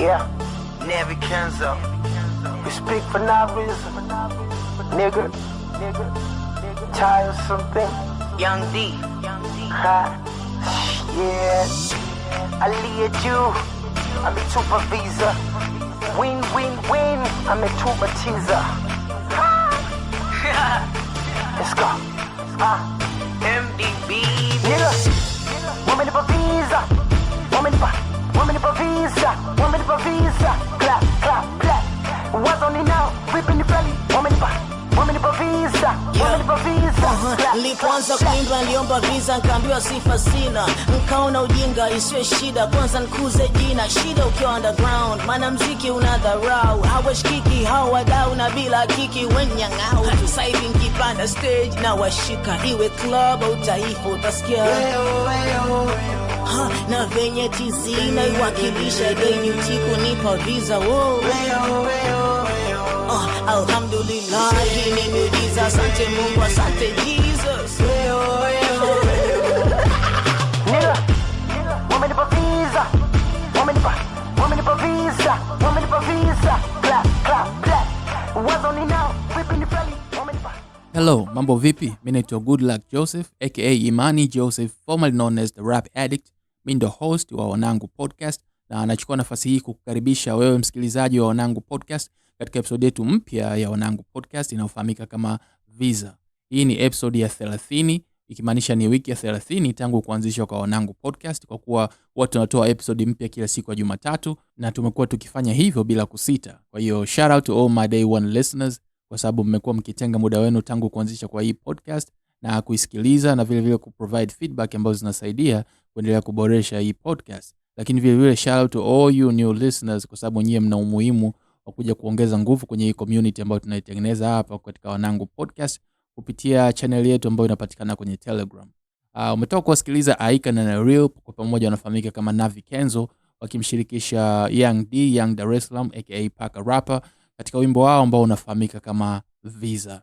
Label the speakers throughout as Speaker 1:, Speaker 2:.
Speaker 1: Yeah, Navi Kenzo. We speak for no reason. Nigga, nigga, nigga. Child something. Young D. Ha. Yeah. I lead you. I'm a super visa. Win, win, win. I'm a super teaser. Let's go. Ah.
Speaker 2: MDB.
Speaker 1: Nigga. Woman of a visa. Woman of a, woman of a visa. mkononi nao vipi ni feli visa nilipoanza kuimba sifa sina nkaona ujinga isiwe shida kwanza nkuze jina shida ukiwa underground maana mziki una hawashikiki hao wadau na bila kiki wenyang'au sasa nkipanda stage na washika iwe club au taifa utasikia
Speaker 3: na venye tizi inaiwakilisha deni utiku nipa visa wo. leo, leo. Alhamdulillah, hii ni miujiza. Asante Mungu, asante Jesus. visa,
Speaker 1: visa, visa. Wazo ni
Speaker 4: Hello, mambo vipi? Mimi naitwa Good Luck Joseph aka Imani Joseph, formerly known as the Rap Addict. Mimi ndo host wa Wanangu Podcast na anachukua nafasi hii kukukaribisha wewe msikilizaji wa Wanangu Podcast katika episode yetu mpya ya Wanangu Podcast inayofahamika kama Visa. Hii ni episode ya 30 ikimaanisha ni wiki ya 30 tangu kuanzishwa kwa Wanangu Podcast, kwa kuwa huwa tunatoa episode mpya kila siku ya Jumatatu na tumekuwa tukifanya hivyo bila kusita. Kwa hiyo shout out to all my day one listeners kwa sababu mmekuwa mkitenga muda wenu tangu kuanzisha kwa hii podcast na kuisikiliza na vilevile kuprovide feedback ambazo zinasaidia kuendelea kuboresha hii podcast. Lakini vilevile shout out to all you new listeners kwa sababu nyie mna umuhimu kwa kuja kuongeza nguvu kwenye hii community ambayo tunaitengeneza hapa katika Wanangu Podcast kupitia channel yetu ambayo inapatikana kwenye Telegram. Uh, umetoka kuwasikiliza Aika na Real kwa pamoja wanafahamika kama Navi Kenzo wakimshirikisha Young D, Young Dar es Salaam aka Paka Rapper katika wimbo wao ambao unafahamika kama Visa.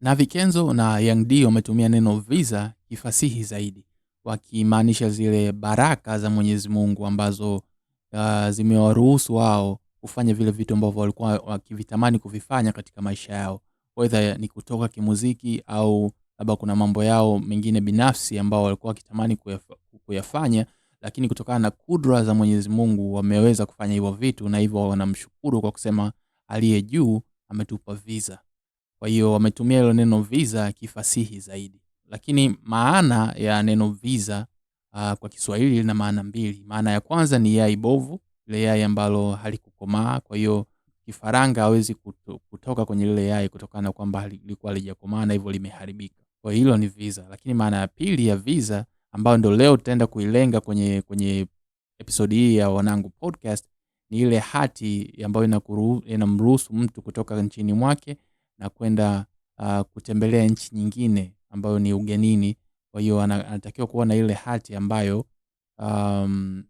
Speaker 4: Navi Kenzo na Young D wametumia neno visa kifasihi zaidi wakimaanisha zile baraka za Mwenyezi Mungu ambazo uh, zimewaruhusu wao kufanya vile vitu ambavyo walikuwa wakivitamani kuvifanya katika maisha yao, wedha ni kutoka kimuziki au labda kuna mambo yao mengine binafsi ambao walikuwa wakitamani kuyafanya, lakini kutokana na kudra za Mwenyezi Mungu wameweza kufanya hivyo vitu, na hivyo wanamshukuru kwa kusema aliye juu ametupa visa. Kwa hiyo wametumia hilo neno visa kifasihi zaidi, lakini maana ya neno visa uh, kwa Kiswahili lina maana mbili. Maana ya kwanza ni yai bovu lile yai ambalo halikukomaa. Kwa hiyo kifaranga hawezi kutoka kwenye lile yai kutokana kwamba lilikuwa halijakomaa na hivyo limeharibika. Kwa hilo ni visa, lakini maana ya pili ya visa ambayo ndo leo tutaenda kuilenga kwenye kwenye episodi hii ya Wanangu Podcast ni ile hati ambayo inamruhusu mtu kutoka nchini mwake na kwenda uh, kutembelea nchi nyingine ambayo ni ugenini. Kwa hiyo anatakiwa kuona ile hati ambayo um,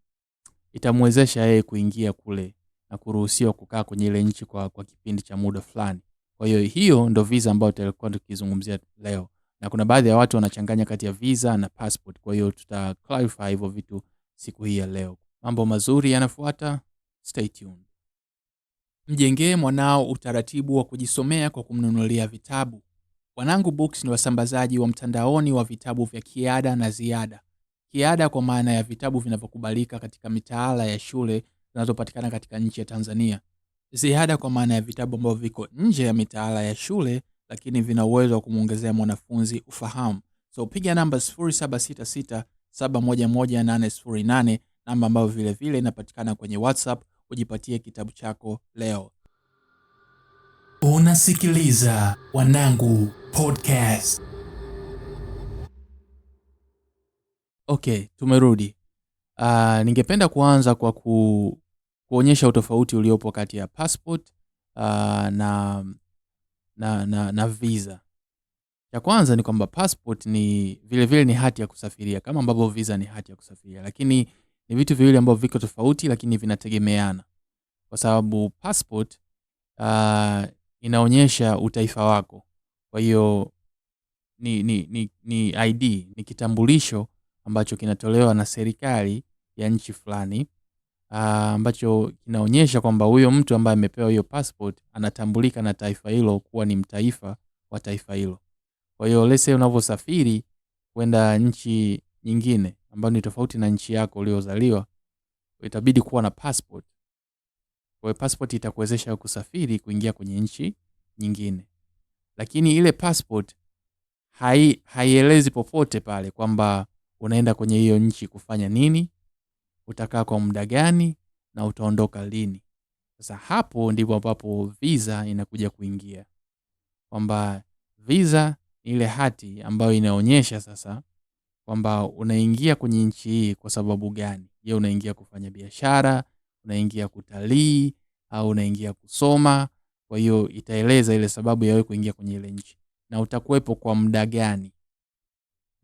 Speaker 4: itamwezesha yeye kuingia kule na kuruhusiwa kukaa kwenye ile nchi kwa, kwa kipindi cha muda fulani. Kwa hiyo hiyo ndo visa ambayo tutakuwa tukizungumzia leo, na kuna baadhi ya watu wanachanganya kati ya visa na passport. Kwa hiyo tuta clarify hivyo vitu siku hii ya leo. Mambo mazuri yanafuata, stay tuned. Mjengee mwanao utaratibu wa kujisomea kwa kumnunulia vitabu. Wanangu Books ni wasambazaji wa mtandaoni wa vitabu vya kiada na ziada Kiada kwa maana ya vitabu vinavyokubalika katika mitaala ya shule zinazopatikana katika nchi ya Tanzania. Ziada kwa maana ya vitabu ambavyo viko nje ya mitaala ya shule lakini vina uwezo wa kumwongezea mwanafunzi ufahamu. So piga namba 0766711808 namba ambayo vile vile inapatikana kwenye WhatsApp ujipatie kitabu chako leo.
Speaker 5: Unasikiliza Wanangu Podcast.
Speaker 4: Okay, tumerudi. Uh, ningependa kuanza kwa ku, kuonyesha utofauti uliopo kati ya passport uh, na, na, na, na visa. Cha kwanza ni kwamba passport ni vilevile vile ni hati ya kusafiria kama ambavyo visa ni hati ya kusafiria, lakini ni vitu viwili ambavyo viko tofauti, lakini vinategemeana kwa sababu passport uh, inaonyesha utaifa wako, kwa hiyo ni, ni, ni, ni ID, ni kitambulisho ambacho kinatolewa na serikali ya nchi fulani ah, ambacho kinaonyesha kwamba huyo mtu ambaye amepewa hiyo passport anatambulika na taifa hilo kuwa ni mtaifa wa taifa hilo. Kwa hiyo lese unavyosafiri kwenda nchi nyingine ambayo ni tofauti na nchi yako uliozaliwa, itabidi kuwa na passport. Kwa hiyo passport itakuwezesha kusafiri kuingia kwenye nchi nyingine, lakini ile passport hai haielezi popote pale kwamba unaenda kwenye hiyo nchi kufanya nini, utakaa kwa muda gani na utaondoka lini. Sasa hapo ndipo ambapo visa inakuja kuingia, kwamba visa ni ile hati ambayo inaonyesha sasa kwamba unaingia kwenye nchi hii kwa sababu gani. Je, unaingia kufanya biashara, unaingia kutalii au unaingia kusoma? Kwa hiyo itaeleza ile sababu ya kuingia kwenye ile nchi na utakuwepo kwa muda gani.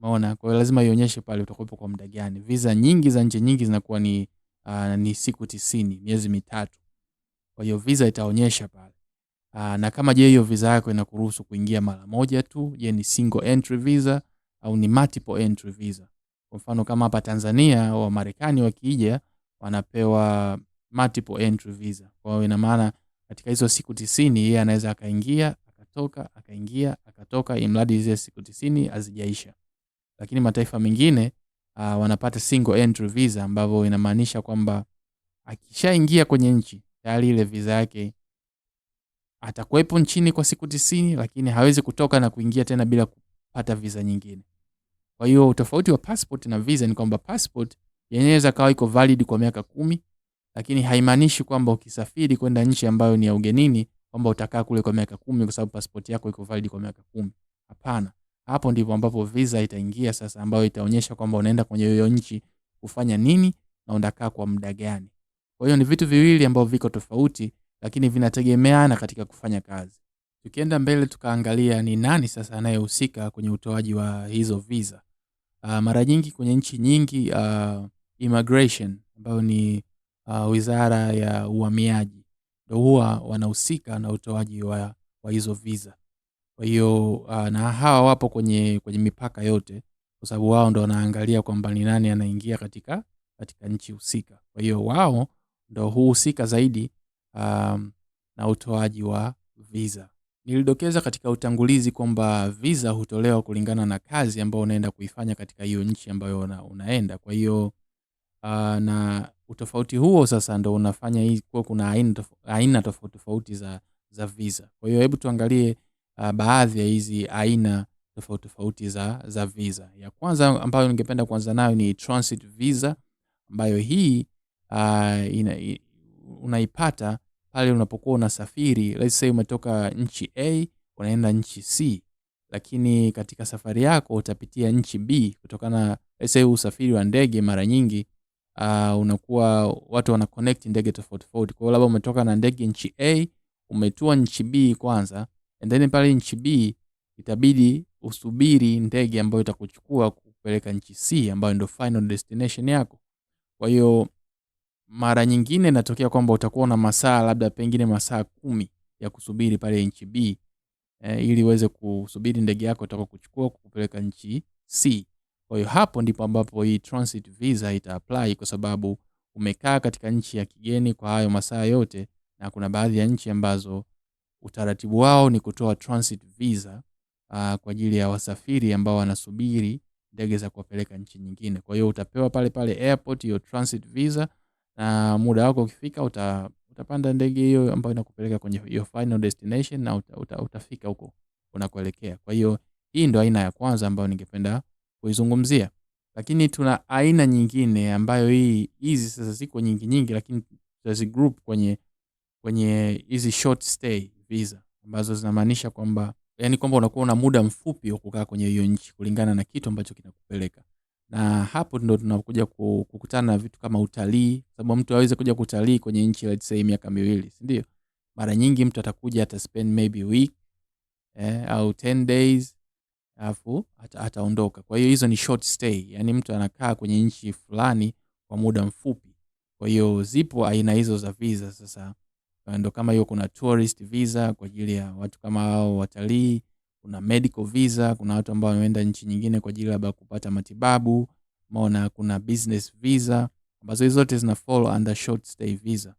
Speaker 4: Maona, Kwa lazima ionyeshe pale utakuwepo kwa muda gani. Visa nyingi za nje nyingi zinakuwa ni uh, ni siku tisini, miezi mitatu. Kwa hiyo visa itaonyesha pale. Uh, na kama je, hiyo visa yako inakuruhusu kuingia mara moja tu, je ni single entry visa au ni multiple entry visa? Kwa mfano kama hapa Tanzania wa Marekani wakija wanapewa multiple entry visa. Kwa hiyo ina maana katika hizo siku tisini yeye anaweza akaingia akatoka akaingia akatoka, imradi hizo siku tisini hazijaisha lakini mataifa mengine uh, wanapata single entry visa ambavyo inamaanisha kwamba akishaingia kwenye nchi tayari ile visa yake atakuwepo nchini kwa siku tisini, lakini hawezi kutoka na kuingia tena bila kupata visa nyingine. Kwa hiyo utofauti wa passport na visa ni kwamba passport yenyewe inaweza kawa iko valid kwa miaka kumi, lakini haimaanishi kwamba ukisafiri kwenda nchi ambayo ni ya ugenini kwamba utakaa kule kwa miaka kumi kwa sababu passport yako iko valid kwa miaka kumi. Hapana. Hapo ndipo ambapo visa itaingia sasa, ambayo itaonyesha kwamba unaenda kwenye hiyo nchi kufanya nini na unakaa kwa muda gani. Kwa hiyo ni vitu viwili ambavyo viko tofauti, lakini vinategemeana katika kufanya kazi. Tukienda mbele tukaangalia ni nani sasa anayehusika kwenye utoaji wa hizo visa. Uh, mara nyingi kwenye nchi nyingi uh, immigration ambayo ni uh, wizara ya uhamiaji ndo huwa wanahusika na utoaji wa, wa hizo visa. Kwa hiyo uh, na hawa wapo kwenye kwenye mipaka yote, kwa sababu wao ndo wanaangalia kwamba ni nani anaingia katika katika nchi husika. Kwa hiyo wao ndo huhusika zaidi um, na utoaji wa visa. Nilidokeza katika utangulizi kwamba visa hutolewa kulingana na kazi ambayo unaenda kuifanya katika hiyo nchi ambayo una, unaenda. Kwa hiyo uh, na utofauti huo sasa ndo unafanya hii kuwa kuna aina tofauti tofauti za, za visa. Kwa hiyo hebu tuangalie uh, baadhi ya hizi aina tofauti tofauti za, za visa. Ya kwanza ambayo ningependa kuanza nayo ni transit visa ambayo hii uh, ina, i, unaipata pale unapokuwa unasafiri, let's say umetoka nchi A unaenda nchi C, lakini katika safari yako utapitia nchi B kutokana let's say usafiri wa ndege mara nyingi uh, unakuwa watu wana connect ndege tofauti tofauti. Kwa hiyo labda umetoka na ndege nchi A umetua nchi B kwanza and then pale nchi B itabidi usubiri ndege ambayo itakuchukua kupeleka nchi C ambayo ndio final destination yako. Kwa hiyo mara nyingine natokea kwamba utakuwa na masaa labda pengine masaa kumi ya kusubiri pale nchi B eh, ili uweze kusubiri ndege yako itakuwa kuchukua kupeleka nchi C. Kwa hiyo hapo ndipo ambapo hii transit visa ita apply kwa sababu umekaa katika nchi ya kigeni kwa hayo masaa yote, na kuna baadhi ya nchi ambazo utaratibu wao ni kutoa transit visa uh, kwa ajili ya wasafiri ambao wanasubiri ndege za kuwapeleka nchi nyingine. Kwa hiyo utapewa pale pale airport hiyo transit visa, na muda wako ukifika uta, utapanda ndege hiyo ambayo inakupeleka kwenye hiyo final destination na uta, uta, utafika huko unakoelekea. Kwa hiyo hii ndio aina ya kwanza ambayo ningependa kuizungumzia, lakini tuna aina nyingine ambayo hii hizi sasa ziko nyingi nyingi, lakini tutazigroup kwenye kwenye hizi short stay visa ambazo zinamaanisha kwamba yani kwamba unakuwa una muda mfupi wa kukaa kwenye hiyo nchi kulingana na kitu ambacho kinakupeleka. Na hapo ndo tunakuja kukutana na vitu kama utalii, sababu mtu aweze kuja kutalii kwenye nchi let's say miaka miwili, si ndio? Mara nyingi mtu atakuja ata spend maybe week eh, au 10 days alafu ataondoka. Kwa hiyo hizo ni short stay, yani mtu anakaa kwenye nchi fulani kwa muda mfupi. Kwa hiyo zipo aina hizo za visa sasa Eh, ndo kama hiyo, kuna tourist visa kwa ajili ya watu kama hao watalii, kuna medical visa, kuna watu ambao wanaenda nchi nyingine kwa ajili labda kupata matibabu, maona Kuna business visa ambazo hizo zote zina fall under short stay visa,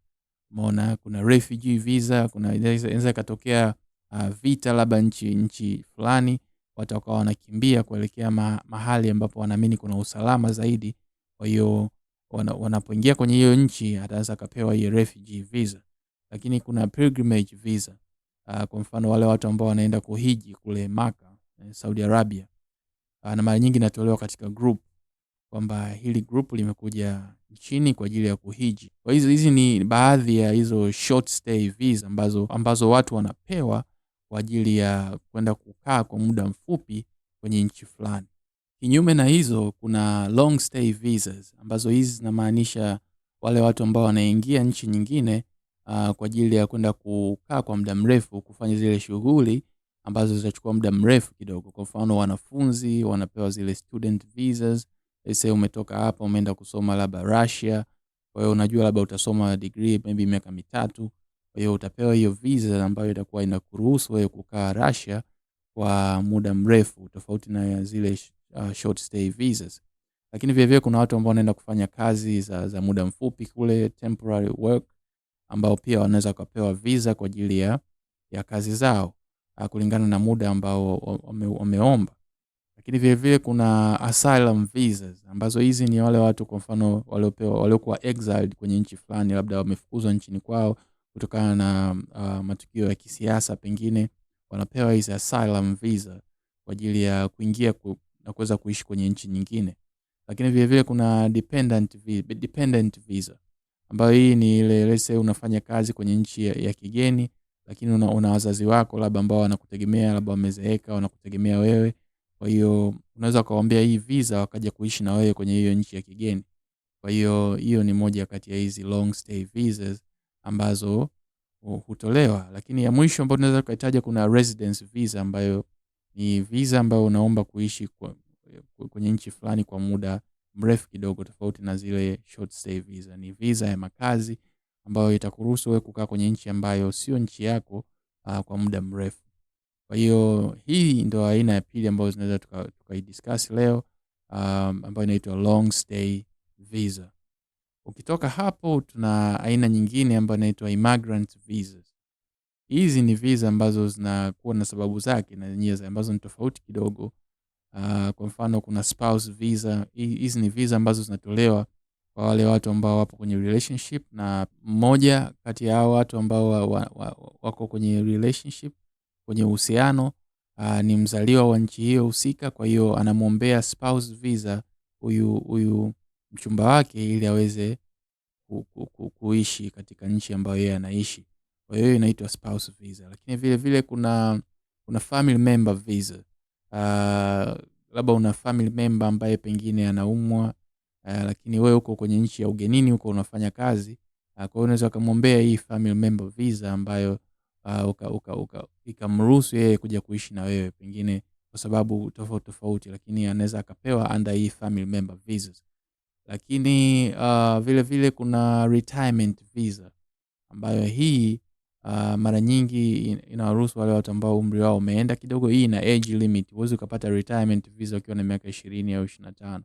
Speaker 4: maona Kuna refugee visa, kuna inaweza ikatokea uh, vita labda nchi nchi fulani, watu wakawa wanakimbia kuelekea ma, mahali ambapo wanaamini kuna usalama zaidi, kwa hiyo wanapoingia kwenye hiyo nchi ataweza akapewa hiyo refugee visa lakini kuna pilgrimage visa. Uh, kwa mfano wale watu ambao wanaenda kuhiji kule Maka, eh, Saudi Arabia, uh, na mara nyingi inatolewa katika group kwamba hili group limekuja nchini kwa ajili ya kuhiji. Kwa hizo hizi ni baadhi ya hizo short stay visa ambazo, ambazo watu wanapewa kwa ajili ya kwenda kukaa kwa muda mfupi kwenye nchi fulani. Kinyume na hizo kuna long stay visas ambazo hizi zinamaanisha wale watu ambao wanaingia nchi nyingine uh, kwa ajili ya kwenda kukaa kwa muda mrefu kufanya zile shughuli ambazo zitachukua muda mrefu kidogo. Kwa mfano, wanafunzi wanapewa zile student visas. Sasa umetoka hapa umeenda kusoma labda Russia, kwa hiyo unajua labda utasoma degree maybe miaka mitatu, kwa hiyo utapewa hiyo visa ambayo itakuwa inakuruhusu wewe kukaa Russia kwa muda mrefu tofauti na zile sh- uh, short stay visas. Lakini vilevile kuna watu ambao wanaenda kufanya kazi za, za muda mfupi kule temporary work ambao pia wanaweza kupewa visa kwa ajili ya, ya kazi zao ah, kulingana na muda ambao wameomba. Lakini vile vile kuna asylum visas ambazo hizi ni wale watu kwa mfano waliopewa waliokuwa exiled kwenye nchi fulani, labda wamefukuzwa nchini kwao kutokana na uh, matukio ya kisiasa, pengine wanapewa hizi asylum visa kwa ajili ya kuingia ku, na kuweza kuishi kwenye nchi nyingine. Lakini vile vile kuna dependent, visa, dependent visa ambayo hii ni ile lese unafanya kazi kwenye nchi ya, ya kigeni lakini una, una wazazi wako labda ambao wanakutegemea labda wamezeeka wanakutegemea wewe kwa hiyo unaweza ukawaambia hii visa wakaja kuishi na wewe kwenye hiyo nchi ya kigeni kwa hiyo hiyo ni moja kati ya hizi long stay visas ambazo hutolewa lakini ya mwisho ambayo tunaweza ukahitaja kuna residence visa ambayo ni visa ambayo unaomba kuishi kwa, kwenye nchi fulani kwa muda mrefu kidogo, tofauti na zile short stay visa. Ni visa ya makazi ambayo itakuruhusu wewe kukaa kwenye nchi ambayo sio nchi yako uh, kwa muda mrefu. Kwa hiyo hii ndo aina ya pili ambayo tunaweza tukaidiscuss tuka leo um, ambayo inaitwa long stay visa. Ukitoka hapo, tuna aina nyingine ambayo inaitwa immigrant visas. Hizi ni visa ambazo zinakuwa na sababu zake na zenyewe ambazo ni tofauti kidogo Uh, kwa mfano kuna spouse visa. Hizi ni visa ambazo zinatolewa kwa wale watu ambao wapo kwenye relationship na mmoja kati ya hao watu ambao wa, wa, wa, wako kwenye relationship, kwenye uhusiano uh, ni mzaliwa wa nchi hiyo husika. Kwa hiyo anamwombea spouse visa huyu huyu mchumba wake ili aweze kuishi katika nchi ambayo yeye anaishi. Kwa hiyo inaitwa spouse visa, lakini vile vile kuna kuna family member visa uh, labda una family member ambaye pengine anaumwa uh, lakini wewe uko kwenye nchi ya ugenini huko unafanya kazi uh, kwa hiyo unaweza ukamwombea hii family member visa ambayo uh, ikamruhusu yeye kuja kuishi na wewe pengine kwa sababu tofauti tofauti, lakini anaweza akapewa under hii family member visas. Lakini uh, vile vile kuna retirement visa ambayo hii uh, mara nyingi inawaruhusu wale watu ambao umri wao umeenda kidogo. Hii ina age limit, huwezi ukapata retirement visa ukiwa na miaka ishirini au ishirini na tano.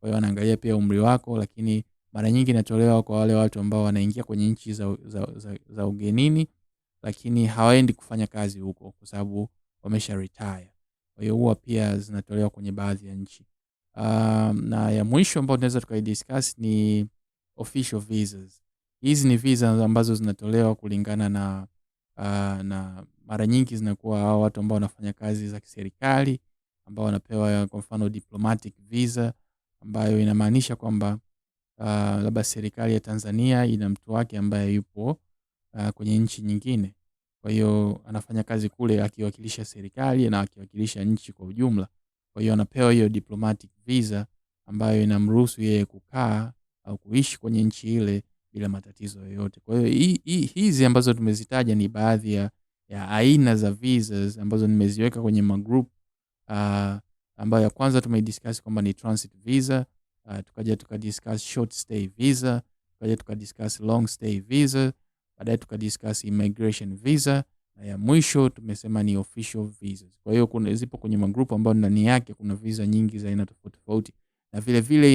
Speaker 4: Kwa hiyo wanaangalia pia umri wako, lakini mara nyingi inatolewa kwa wale watu ambao wanaingia kwenye nchi za, za, za, za ugenini, lakini hawaendi kufanya kazi huko kwa sababu wamesha retire. Kwa hiyo huwa pia zinatolewa kwenye baadhi ya nchi. Um, na ya mwisho ambayo tunaweza tukaidiscuss ni official visas. Hizi ni visa ambazo zinatolewa kulingana na uh, na mara nyingi zinakuwa hao watu ambao wanafanya kazi za kiserikali ambao wanapewa kwa mfano diplomatic visa ambayo inamaanisha kwamba uh, labda serikali ya Tanzania ina mtu wake ambaye yupo uh, kwenye nchi nyingine. Kwa hiyo anafanya kazi kule akiwakilisha serikali na akiwakilisha nchi kwa ujumla. Kwa hiyo anapewa hiyo diplomatic visa ambayo inamruhusu yeye kukaa au kuishi kwenye nchi ile bila matatizo yoyote. Kwa hiyo hizi ambazo tumezitaja ni baadhi ya, ya aina za visas ambazo nimeziweka kwenye magroup uh, ambayo ya kwanza tumeidiscuss kwamba ni transit visa uh, tukaja tukadiscuss short stay visa, tukaja tukadiscuss long stay visa, baadaye tukadiscuss immigration visa na ya mwisho tumesema ni official visas. Kwa hiyo zipo kwenye magrupu ambayo ndani yake kuna visa nyingi za aina tofauti tofauti na vile vile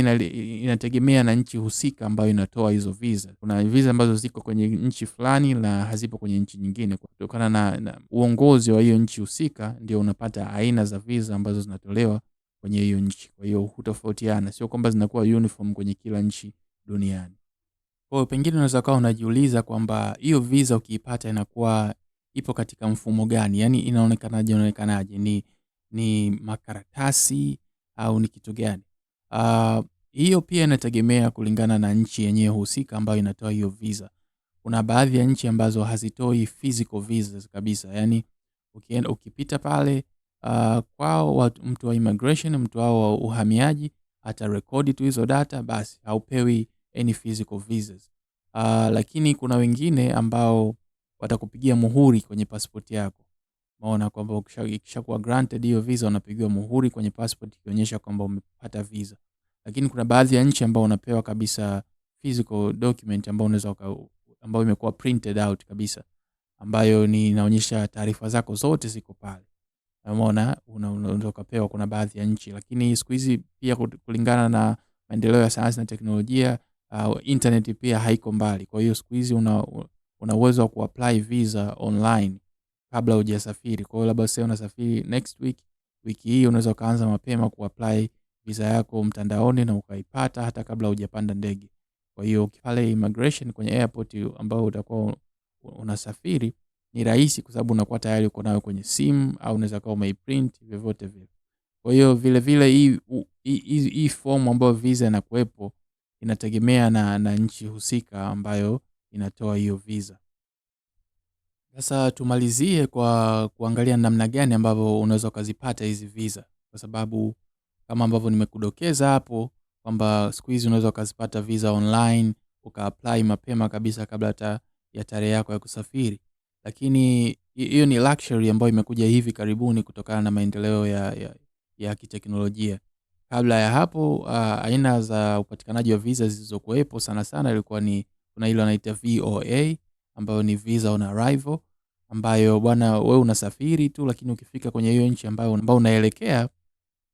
Speaker 4: inategemea na nchi husika ambayo inatoa hizo visa. Kuna visa ambazo ziko kwenye nchi fulani na hazipo kwenye nchi nyingine. Kutokana na, na uongozi wa hiyo nchi husika, ndio unapata aina za visa ambazo zinatolewa kwenye hiyo nchi. Kwa hiyo hutofautiana, sio kwamba zinakuwa uniform kwenye kila nchi duniani. Kwa hiyo pengine unaweza ukawa unajiuliza kwamba hiyo visa ukiipata inakuwa ipo katika mfumo gani, Yani inaonekanaje? Inaonekanaje, ni, ni makaratasi au ni kitu gani? Ah, hiyo uh, pia inategemea kulingana na nchi yenyewe husika ambayo inatoa hiyo visa. Kuna baadhi ya nchi ambazo hazitoi physical visas kabisa, yani ukienda ukipita pale uh, kwao mtu wa immigration, mtu wao wa uhamiaji atarekodi tu hizo data, basi haupewi any physical visas. Uh, lakini kuna wengine ambao watakupigia muhuri kwenye pasipoti yako maona kwamba ikishakuwa granted hiyo visa unapigiwa muhuri kwenye passport ikionyesha kwamba umepata visa. Lakini kuna baadhi ya nchi ambao unapewa kabisa physical document ambao unaweza ambao imekuwa printed out kabisa ambayo ni inaonyesha taarifa zako zote ziko pale. Unaona, unaweza ukapewa, kuna baadhi ya nchi, lakini siku hizi pia kulingana na maendeleo ya sayansi na teknolojia uh, internet pia haiko mbali. Kwa hiyo siku hizi una una uwezo wa kuapply visa online kabla hujasafiri. Kwa hiyo labda sasa unasafiri next week, wiki hii unaweza ukaanza mapema kuapply visa yako mtandaoni na ukaipata hata kabla hujapanda ndege. Kwa hiyo pale immigration kwenye airport ambayo utakuwa unasafiri ni rahisi kwa sababu unakuwa tayari uko nayo kwenye simu au unaweza kuwa umeiprint vyovyote vile. Kwa hiyo vile vile hii hii fomu ambayo visa inakuwepo inategemea na, na nchi husika ambayo inatoa hiyo visa. Sasa tumalizie kwa kuangalia namna gani ambavyo unaweza ukazipata hizi visa, kwa sababu kama ambavyo nimekudokeza hapo kwamba siku hizi unaweza ukazipata visa online ukaapply mapema kabisa kabla hata ya tarehe yako ya kusafiri, lakini hiyo ni luxury ambayo imekuja hivi karibuni kutokana na maendeleo ya, ya, ya kiteknolojia. Kabla ya hapo uh, aina za upatikanaji wa visa zilizokuwepo sana sana ilikuwa ni kuna ile wanaita VOA ambayo ni visa on arrival ambayo bwana we unasafiri tu, lakini ukifika kwenye hiyo nchi ambayo ambayo unaelekea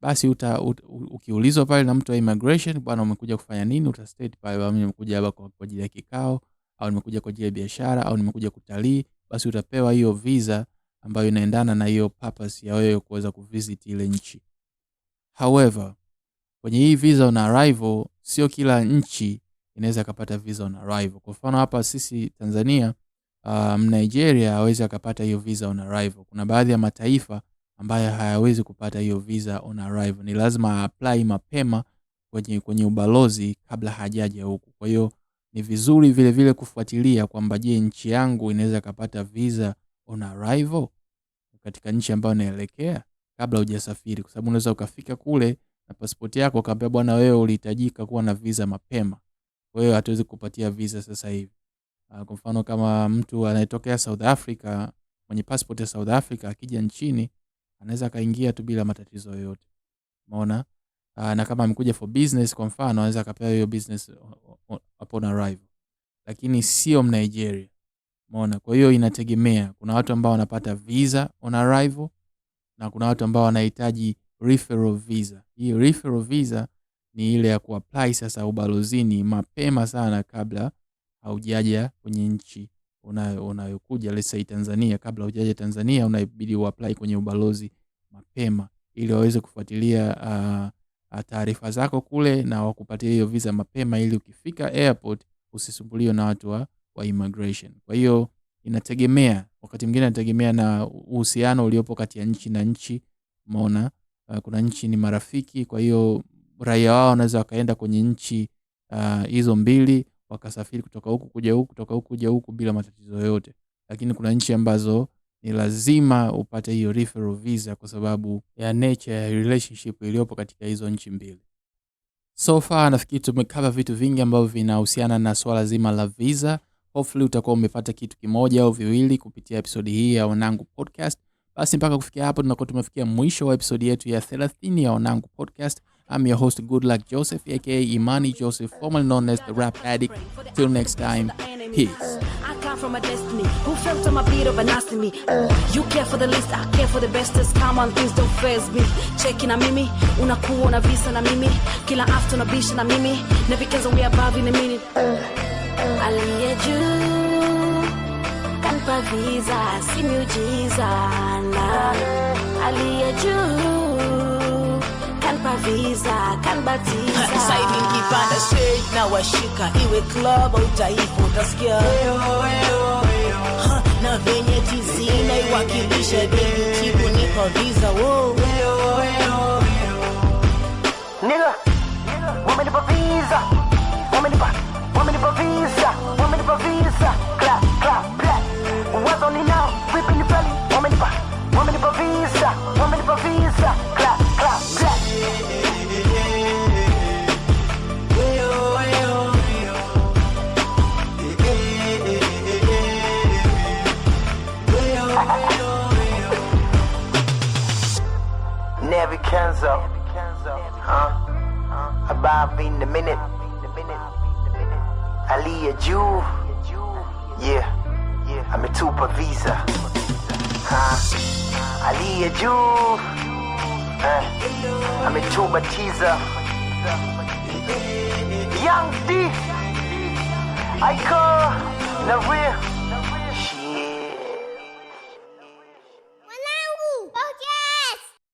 Speaker 4: basi uta, ut, ukiulizwa pale na mtu wa immigration, bwana umekuja kufanya nini, uta state pale bwana, nimekuja hapa kwa ajili ya kikao au nimekuja kwa ajili ya biashara au nimekuja kutalii, basi utapewa hiyo visa ambayo inaendana na hiyo purpose ya wewe kuweza kuvisit ile nchi. However, kwenye hii visa on arrival, sio kila nchi inaweza kupata visa on arrival. Kwa mfano hapa sisi Tanzania uh, Mnigeria aweze akapata hiyo visa on arrival. Kuna baadhi ya mataifa ambayo hayawezi kupata hiyo visa on arrival, ni lazima apply mapema kwenye, kwenye ubalozi kabla hajaja huku. Kwa hiyo ni vizuri vile vile kufuatilia kwamba je, nchi yangu inaweza kapata visa on arrival katika nchi ambayo naelekea kabla hujasafiri, kwa sababu unaweza ukafika kule na pasipoti yako kaambia, bwana, wewe ulihitajika kuwa na visa mapema, kwa hiyo hatuwezi kupatia visa sasa hivi uh, Kwa mfano kama mtu anayetokea South Africa mwenye passport ya South Africa akija nchini anaweza akaingia tu bila matatizo yoyote, umeona. Uh, Na kama amekuja for business kwa mfano, anaweza akapewa hiyo business upon arrival, lakini sio Mnigeria, umeona. Kwa hiyo inategemea, kuna watu ambao wanapata visa on arrival na kuna watu ambao wanahitaji referral visa. Hii referral visa ni ile ya kuapply sasa ubalozini mapema sana kabla haujaja kwenye nchi unayokuja una Tanzania, kabla hujaja Tanzania unabidi uapply kwenye ubalozi mapema ili waweze kufuatilia uh, taarifa zako kule na wakupatia hiyo visa mapema, ili ukifika airport usisumbuliwe na watu wa, wa immigration. Kwa hiyo inategemea, wakati mwingine inategemea na uhusiano uliopo kati ya nchi na nchi. Umeona uh, kuna nchi ni marafiki, kwa hiyo raia wao wanaweza wakaenda kwenye nchi hizo uh, mbili wakasafiri kutoka huku kuja huku kutoka huku kuja huku bila matatizo yote lakini kuna nchi ambazo ni lazima upate hiyo referral visa kwa sababu ya nature ya relationship iliyopo katika hizo nchi mbili. So far nafikiri tumekava vitu vingi ambavyo vinahusiana na swala zima la visa. Hopefully utakuwa umepata kitu kimoja au viwili kupitia episodi hii ya Wanangu Podcast. Basi mpaka kufikia hapo, tunakuwa tumefikia mwisho wa episodi yetu ya 30 ya Onangu Podcast. I'm your host Good Luck Joseph aka Imani Joseph, formerly known as the Rap Addict. Till next time, peace. from a destiny who felt to my beat of an me. Uh, you care for the least, I care for the best. come on, things don't face me. Checking a mimi, una kuwa na visa na mimi, kila after na bisha na mimi, never vigezo we above in a minute. Uh, uh, Aliyejuu giza si miujiza, na aliye juu kanpaviza, kanbatiza. Saidi nikipanda stage na washika, iwe club au taifa, utasikia na venye tizi inaiwakilisha bebi chibu niko visa wo clap, clap Only now, whip the belly, woman in the visa, woman in the visa. juu eh, amechubatiza Young D Aiko na real